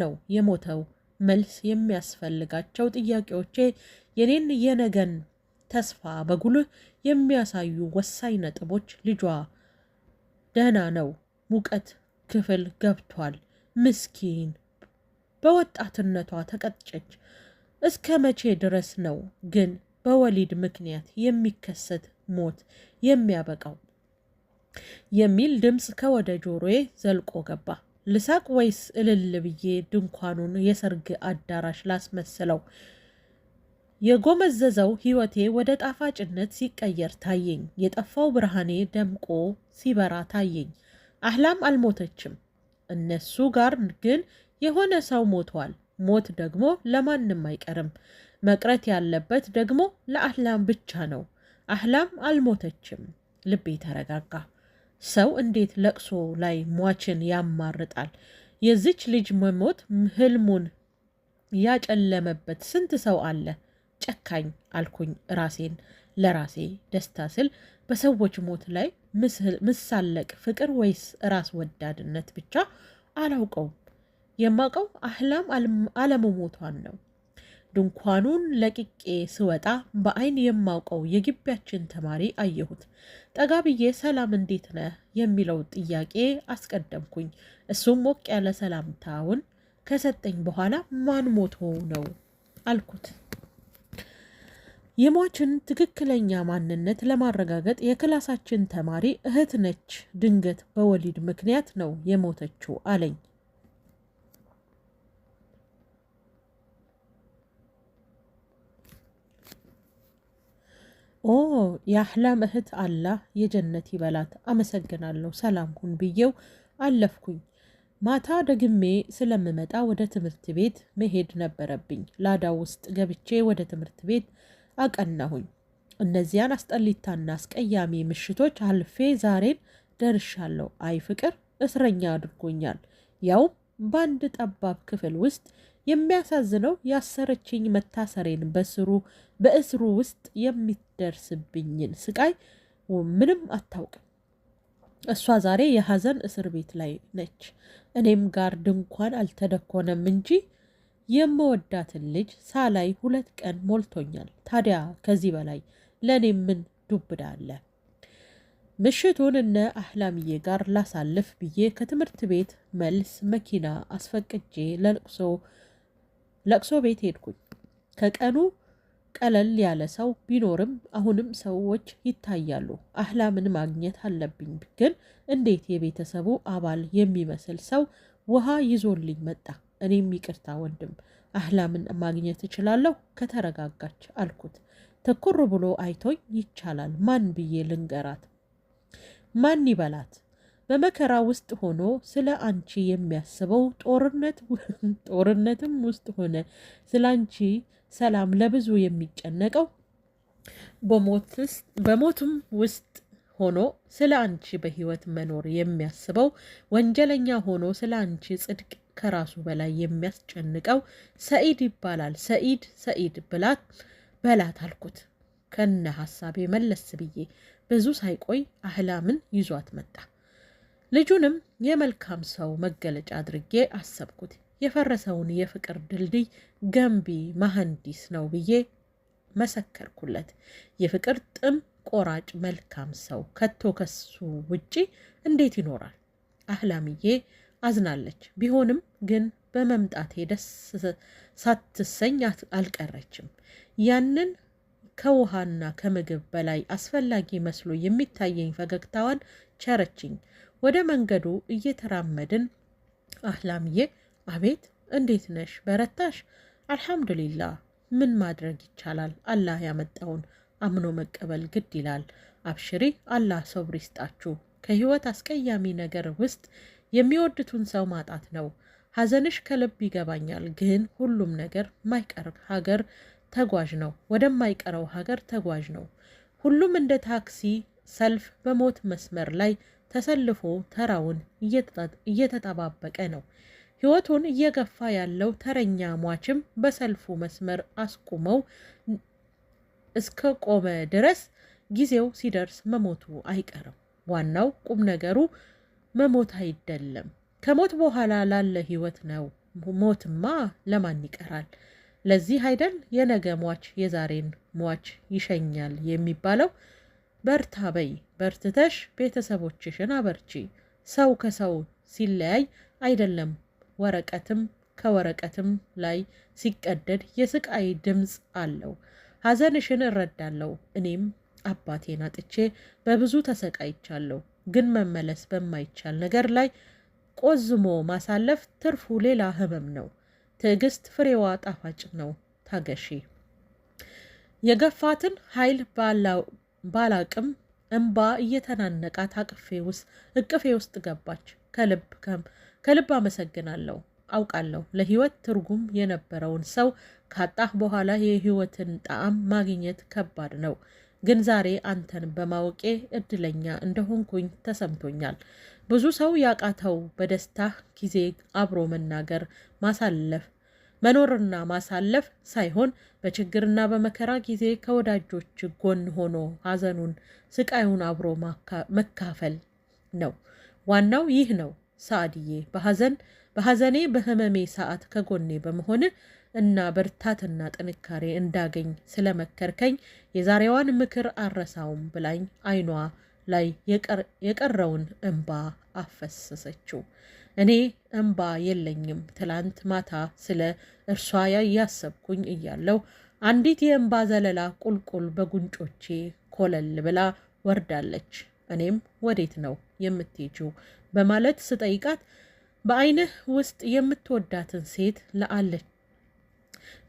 ነው የሞተው? መልስ የሚያስፈልጋቸው ጥያቄዎቼ የኔን የነገን ተስፋ በጉልህ የሚያሳዩ ወሳኝ ነጥቦች። ልጇ ደህና ነው፣ ሙቀት ክፍል ገብቷል። ምስኪን በወጣትነቷ ተቀጨች። እስከ መቼ ድረስ ነው ግን በወሊድ ምክንያት የሚከሰት ሞት የሚያበቃው? የሚል ድምፅ ከወደ ጆሮዬ ዘልቆ ገባ። ልሳቅ ወይስ እልል ብዬ ድንኳኑን የሰርግ አዳራሽ ላስመስለው? የጎመዘዘው ህይወቴ ወደ ጣፋጭነት ሲቀየር ታየኝ። የጠፋው ብርሃኔ ደምቆ ሲበራ ታየኝ። አህላም አልሞተችም። እነሱ ጋር ግን የሆነ ሰው ሞቷል። ሞት ደግሞ ለማንም አይቀርም። መቅረት ያለበት ደግሞ ለአህላም ብቻ ነው። አህላም አልሞተችም። ልቤ ተረጋጋ። ሰው እንዴት ለቅሶ ላይ ሟችን ያማርጣል? የዚች ልጅ መሞት ህልሙን ያጨለመበት ስንት ሰው አለ። ጨካኝ አልኩኝ ራሴን ለራሴ ደስታ ስል በሰዎች ሞት ላይ ምሳለቅ ፍቅር ወይስ ራስ ወዳድነት ብቻ አላውቀውም። የማውቀው አህላም አለመሞቷን ነው። ድንኳኑን ለቅቄ ስወጣ በአይን የማውቀው የግቢያችን ተማሪ አየሁት። ጠጋ ብዬ ሰላም እንዴት ነህ የሚለው ጥያቄ አስቀደምኩኝ። እሱም ሞቅ ያለ ሰላምታውን ከሰጠኝ በኋላ ማን ሞቶ ነው አልኩት። የሟችን ትክክለኛ ማንነት ለማረጋገጥ የክላሳችን ተማሪ እህት ነች፣ ድንገት በወሊድ ምክንያት ነው የሞተችው አለኝ። ኦ የአህላም እህት አላህ የጀነት ይበላት፣ አመሰግናለሁ፣ ሰላም ሁን ብዬው አለፍኩኝ። ማታ ደግሜ ስለምመጣ ወደ ትምህርት ቤት መሄድ ነበረብኝ። ላዳ ውስጥ ገብቼ ወደ ትምህርት ቤት አቀናሁኝ። እነዚያን አስጠሊታና አስቀያሚ ምሽቶች አልፌ ዛሬን ደርሻለሁ። አይ ፍቅር እስረኛ አድርጎኛል፣ ያውም በአንድ ጠባብ ክፍል ውስጥ የሚያሳዝነው ያሰረችኝ መታሰሬን በስሩ በእስሩ ውስጥ የሚደርስብኝን ስቃይ ምንም አታውቅም። እሷ ዛሬ የሀዘን እስር ቤት ላይ ነች። እኔም ጋር ድንኳን አልተደኮነም እንጂ የምወዳትን ልጅ ሳላይ ሁለት ቀን ሞልቶኛል። ታዲያ ከዚህ በላይ ለእኔ ምን ዱብዳ አለ? ምሽቱን እነ አህላምዬ ጋር ላሳልፍ ብዬ ከትምህርት ቤት መልስ መኪና አስፈቅጄ ለልቅሶ ለቅሶ ቤት ሄድኩኝ። ከቀኑ ቀለል ያለ ሰው ቢኖርም አሁንም ሰዎች ይታያሉ። አህላምን ማግኘት አለብኝ። ግን እንዴት የቤተሰቡ አባል የሚመስል ሰው ውሃ ይዞልኝ መጣ። እኔም ይቅርታ ወንድም፣ አህላምን ማግኘት እችላለሁ ከተረጋጋች አልኩት። ትኩር ብሎ አይቶኝ ይቻላል ማን ብዬ ልንገራት? ማን ይበላት? በመከራ ውስጥ ሆኖ ስለ አንቺ የሚያስበው ጦርነት ጦርነትም ውስጥ ሆነ ስለ አንቺ ሰላም ለብዙ የሚጨነቀው በሞትም ውስጥ ሆኖ ስለ አንቺ በሕይወት መኖር የሚያስበው ወንጀለኛ ሆኖ ስለ አንቺ ጽድቅ ከራሱ በላይ የሚያስጨንቀው ሰኢድ ይባላል። ሰኢድ ሰኢድ ብላት በላት አልኩት ከነ ሀሳቤ መለስ ብዬ። ብዙ ሳይቆይ አህላምን ይዟት መጣ። ልጁንም የመልካም ሰው መገለጫ አድርጌ አሰብኩት። የፈረሰውን የፍቅር ድልድይ ገንቢ መሐንዲስ ነው ብዬ መሰከርኩለት። የፍቅር ጥም ቆራጭ መልካም ሰው ከቶ ከሱ ውጪ እንዴት ይኖራል? አህላምዬ አዝናለች። ቢሆንም ግን በመምጣቴ ደስ ሳትሰኝ አልቀረችም። ያንን ከውሃና ከምግብ በላይ አስፈላጊ መስሎ የሚታየኝ ፈገግታዋን ቸረችኝ። ወደ መንገዱ እየተራመድን አህላምዬ አቤት እንዴት ነሽ በረታሽ አልሐምዱሊላ ምን ማድረግ ይቻላል አላህ ያመጣውን አምኖ መቀበል ግድ ይላል አብሽሪ አላህ ሰብር ይስጣችሁ ከህይወት አስቀያሚ ነገር ውስጥ የሚወድቱን ሰው ማጣት ነው ሀዘንሽ ከልብ ይገባኛል ግን ሁሉም ነገር ማይቀር ሀገር ተጓዥ ነው ወደማይቀረው ሀገር ተጓዥ ነው ሁሉም እንደ ታክሲ ሰልፍ በሞት መስመር ላይ ተሰልፎ ተራውን እየተጠባበቀ ነው። ሕይወቱን እየገፋ ያለው ተረኛ ሟችም በሰልፉ መስመር አስቁመው እስከ ቆመ ድረስ ጊዜው ሲደርስ መሞቱ አይቀርም። ዋናው ቁም ነገሩ መሞት አይደለም፣ ከሞት በኋላ ላለ ሕይወት ነው። ሞትማ ለማን ይቀራል? ለዚህ አይደል የነገ ሟች የዛሬን ሟች ይሸኛል የሚባለው። በርታ በይ፣ በርትተሽ ቤተሰቦችሽን አበርቺ። ሰው ከሰው ሲለያይ አይደለም ወረቀትም ከወረቀትም ላይ ሲቀደድ የስቃይ ድምፅ አለው። ሐዘንሽን እረዳለሁ። እኔም አባቴን አጥቼ በብዙ ተሰቃይቻለሁ። ግን መመለስ በማይቻል ነገር ላይ ቆዝሞ ማሳለፍ ትርፉ ሌላ ህመም ነው። ትዕግስት ፍሬዋ ጣፋጭ ነው። ታገሺ። የገፋትን ኃይል ባላቅም እንባ እየተናነቃት አቅፌ ውስጥ እቅፌ ውስጥ ገባች። ከልብ ከልብ አመሰግናለሁ። አውቃለሁ ለህይወት ትርጉም የነበረውን ሰው ካጣህ በኋላ የህይወትን ጣዕም ማግኘት ከባድ ነው። ግን ዛሬ አንተን በማወቄ እድለኛ እንደሆንኩኝ ተሰምቶኛል። ብዙ ሰው ያቃተው በደስታህ ጊዜ አብሮ መናገር ማሳለፍ መኖርና ማሳለፍ ሳይሆን በችግርና በመከራ ጊዜ ከወዳጆች ጎን ሆኖ ሐዘኑን፣ ስቃዩን አብሮ መካፈል ነው። ዋናው ይህ ነው። ሳዕድዬ በሐዘን በሐዘኔ በህመሜ ሰዓት ከጎኔ በመሆን እና በርታትና ጥንካሬ እንዳገኝ ስለመከርከኝ የዛሬዋን ምክር አረሳውም ብላኝ አይኗ ላይ የቀረውን እንባ አፈሰሰችው። እኔ እምባ የለኝም። ትላንት ማታ ስለ እርሷ እያሰብኩኝ እያለው አንዲት የእምባ ዘለላ ቁልቁል በጉንጮቼ ኮለል ብላ ወርዳለች። እኔም ወዴት ነው የምትሄጂው በማለት ስጠይቃት በዓይንህ ውስጥ የምትወዳትን ሴት ለአለች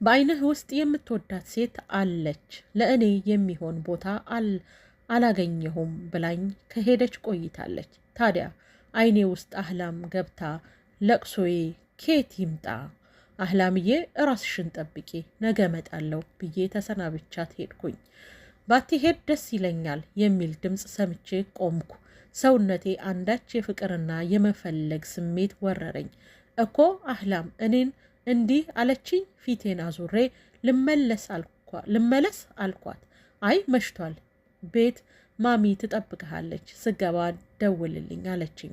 በዓይንህ ውስጥ የምትወዳት ሴት አለች፣ ለእኔ የሚሆን ቦታ አላገኘሁም ብላኝ ከሄደች ቆይታለች። ታዲያ አይኔ ውስጥ አህላም ገብታ ለቅሶዬ ኬት ይምጣ አህላምዬ እራስሽን ጠብቂ ነገ መጣለሁ ብዬ ተሰናብቻት ሄድኩኝ። ባትሄድ ደስ ይለኛል የሚል ድምፅ ሰምቼ ቆምኩ። ሰውነቴ አንዳች የፍቅርና የመፈለግ ስሜት ወረረኝ። እኮ አህላም እኔን እንዲህ አለችኝ። ፊቴን አዙሬ ልመለስ አልኳት። አይ መሽቷል ቤት ማሚ ትጠብቅሃለች፣ ስገባ ደውልልኝ አለችኝ።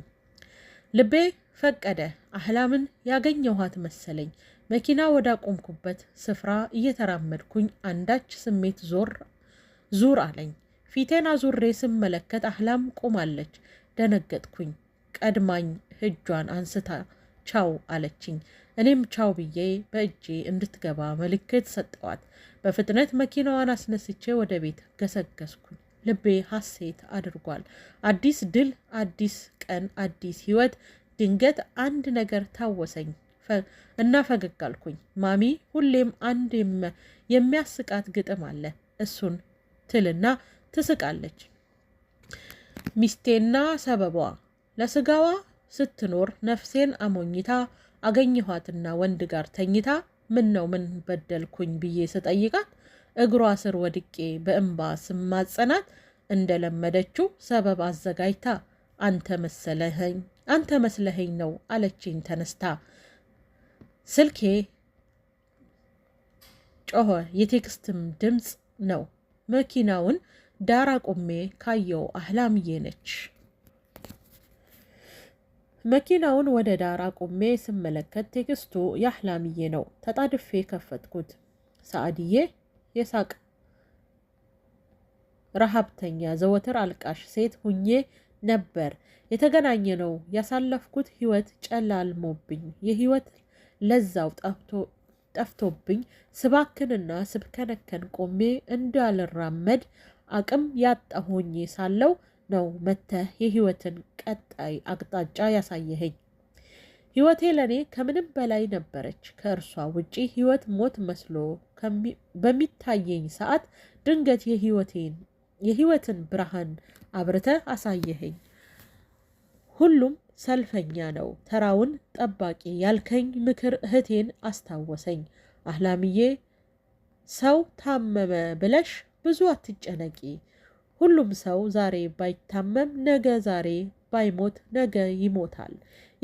ልቤ ፈቀደ። አህላምን ያገኘኋት መሰለኝ። መኪና ወዳቆምኩበት ስፍራ እየተራመድኩኝ አንዳች ስሜት ዞር ዙር አለኝ። ፊቴን አዙሬ ስመለከት አህላም ቆማለች። ደነገጥኩኝ። ቀድማኝ እጇን አንስታ ቻው አለችኝ። እኔም ቻው ብዬ በእጄ እንድትገባ ምልክት ሰጠዋት። በፍጥነት መኪናዋን አስነስቼ ወደ ቤት ገሰገስኩኝ። ልቤ ሐሴት አድርጓል። አዲስ ድል፣ አዲስ ቀን፣ አዲስ ህይወት። ድንገት አንድ ነገር ታወሰኝ እና ፈገግ አልኩኝ። ማሚ ሁሌም አንድ የሚያስቃት ግጥም አለ። እሱን ትልና ትስቃለች። ሚስቴና ሰበቧ ለስጋዋ ስትኖር ነፍሴን አሞኝታ አገኘኋትና ወንድ ጋር ተኝታ ምን ነው ምን በደልኩኝ ብዬ ስጠይቃት እግሯ ስር ወድቄ በእንባ ስማጸናት እንደለመደችው ሰበብ አዘጋጅታ አንተ መሰለኸኝ አንተ መስለኸኝ ነው አለችኝ ተነስታ። ስልኬ ጮኸ፣ የቴክስትም ድምፅ ነው። መኪናውን ዳር ቆሜ ካየው አህላምዬ ነች። መኪናውን ወደ ዳር አቁሜ ስመለከት ቴክስቱ የአህላምዬ ነው። ተጣድፌ ከፈትኩት። ሰአድዬ የሳቅ ረሃብተኛ ዘወትር አልቃሽ ሴት ሁኜ ነበር የተገናኘ ነው። ያሳለፍኩት ህይወት ጨላልሞብኝ የህይወት ለዛው ጠፍቶብኝ ስባክንና ስብከነከን ቆሜ እንዳልራመድ አቅም ያጣ ሆኜ ሳለው ነው መተህ የህይወትን ቀጣይ አቅጣጫ ያሳየኸኝ። ህይወቴ ለእኔ ከምንም በላይ ነበረች። ከእርሷ ውጪ ህይወት ሞት መስሎ በሚታየኝ ሰዓት ድንገት የህይወትን ብርሃን አብርተ አሳየኸኝ። ሁሉም ሰልፈኛ ነው ተራውን ጠባቂ ያልከኝ ምክር እህቴን አስታወሰኝ። አህላምዬ ሰው ታመመ ብለሽ ብዙ አትጨነቂ። ሁሉም ሰው ዛሬ ባይታመም ነገ ዛሬ ባይሞት ነገ ይሞታል።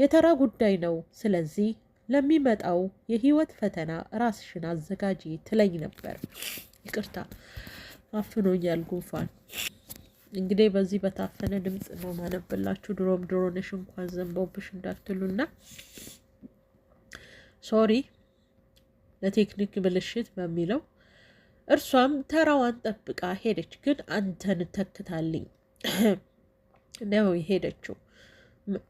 የተራ ጉዳይ ነው። ስለዚህ ለሚመጣው የህይወት ፈተና ራስሽን አዘጋጂ ትለኝ ነበር። ይቅርታ አፍኖኛል ጉንፋን። እንግዲህ በዚህ በታፈነ ድምፅ ነው ማነብላችሁ። ድሮም ድሮነሽ እንኳን ዘንበውብሽ እንዳትሉና ሶሪ ለቴክኒክ ብልሽት በሚለው እርሷም ተራዋን ጠብቃ ሄደች። ግን አንተን ተክታልኝ ነው የሄደችው።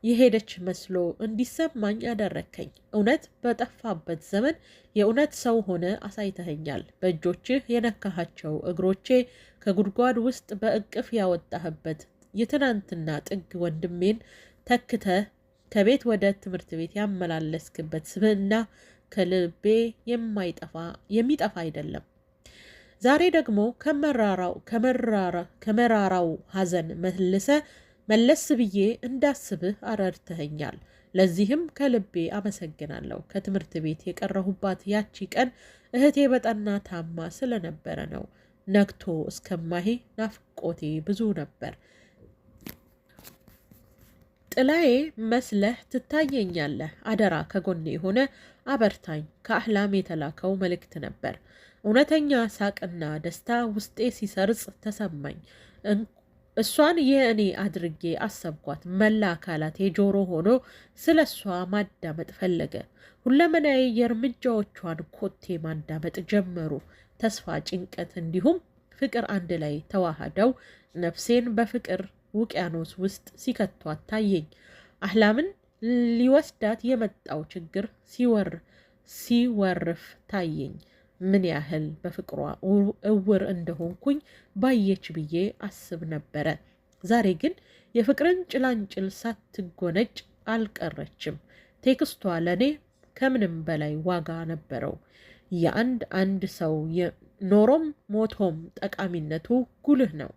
የሄደች መስሎ እንዲሰማኝ ያደረከኝ እውነት በጠፋበት ዘመን የእውነት ሰው ሆነ አሳይተኸኛል። በእጆችህ የነካሃቸው እግሮቼ ከጉድጓድ ውስጥ በእቅፍ ያወጣህበት የትናንትና ጥግ ወንድሜን ተክተህ ከቤት ወደ ትምህርት ቤት ያመላለስክበት ስብዕና ከልቤ የማይጠፋ የሚጠፋ አይደለም። ዛሬ ደግሞ ከመራራው ሀዘን ሐዘን መልሰ መለስ ብዬ እንዳስብህ አረድተኸኛል። ለዚህም ከልቤ አመሰግናለሁ። ከትምህርት ቤት የቀረሁባት ያቺ ቀን እህቴ በጠና ታማ ስለነበረ ነው። ነግቶ እስከማሄ ናፍቆቴ ብዙ ነበር። ጥላዬ መስለህ ትታየኛለህ። አደራ ከጎኔ የሆነ አበርታኝ ከአህላም የተላከው መልእክት ነበር። እውነተኛ ሳቅና ደስታ ውስጤ ሲሰርጽ ተሰማኝ። እሷን የእኔ አድርጌ አሰብኳት። መላ አካላት የጆሮ ሆኖ ስለ እሷ ማዳመጥ ፈለገ። ሁለመናዊ የእርምጃዎቿን ኮቴ ማዳመጥ ጀመሩ። ተስፋ፣ ጭንቀት እንዲሁም ፍቅር አንድ ላይ ተዋህደው ነፍሴን በፍቅር ውቅያኖስ ውስጥ ሲከቷት ታየኝ። አህላምን ሊወስዳት የመጣው ችግር ሲወር ሲወርፍ ታየኝ። ምን ያህል በፍቅሯ እውር እንደሆንኩኝ ባየች ብዬ አስብ ነበረ። ዛሬ ግን የፍቅርን ጭላንጭል ሳትጎነጭ አልቀረችም። ቴክስቷ ለእኔ ከምንም በላይ ዋጋ ነበረው። የአንድ አንድ ሰው ኖሮም ሞቶም ጠቃሚነቱ ጉልህ ነው።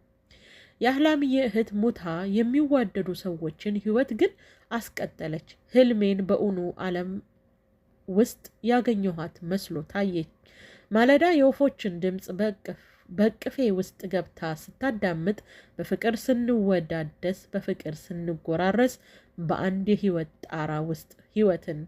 የአህላምዬ እህት ሙታ የሚዋደዱ ሰዎችን ሕይወት ግን አስቀጠለች። ህልሜን በእውኑ ዓለም ውስጥ ያገኘኋት መስሎ ታየች። ማለዳ የወፎችን ድምፅ በቅፌ ውስጥ ገብታ ስታዳምጥ በፍቅር ስንወዳደስ፣ በፍቅር ስንጎራረስ፣ በአንድ የህይወት ጣራ ውስጥ ህይወትን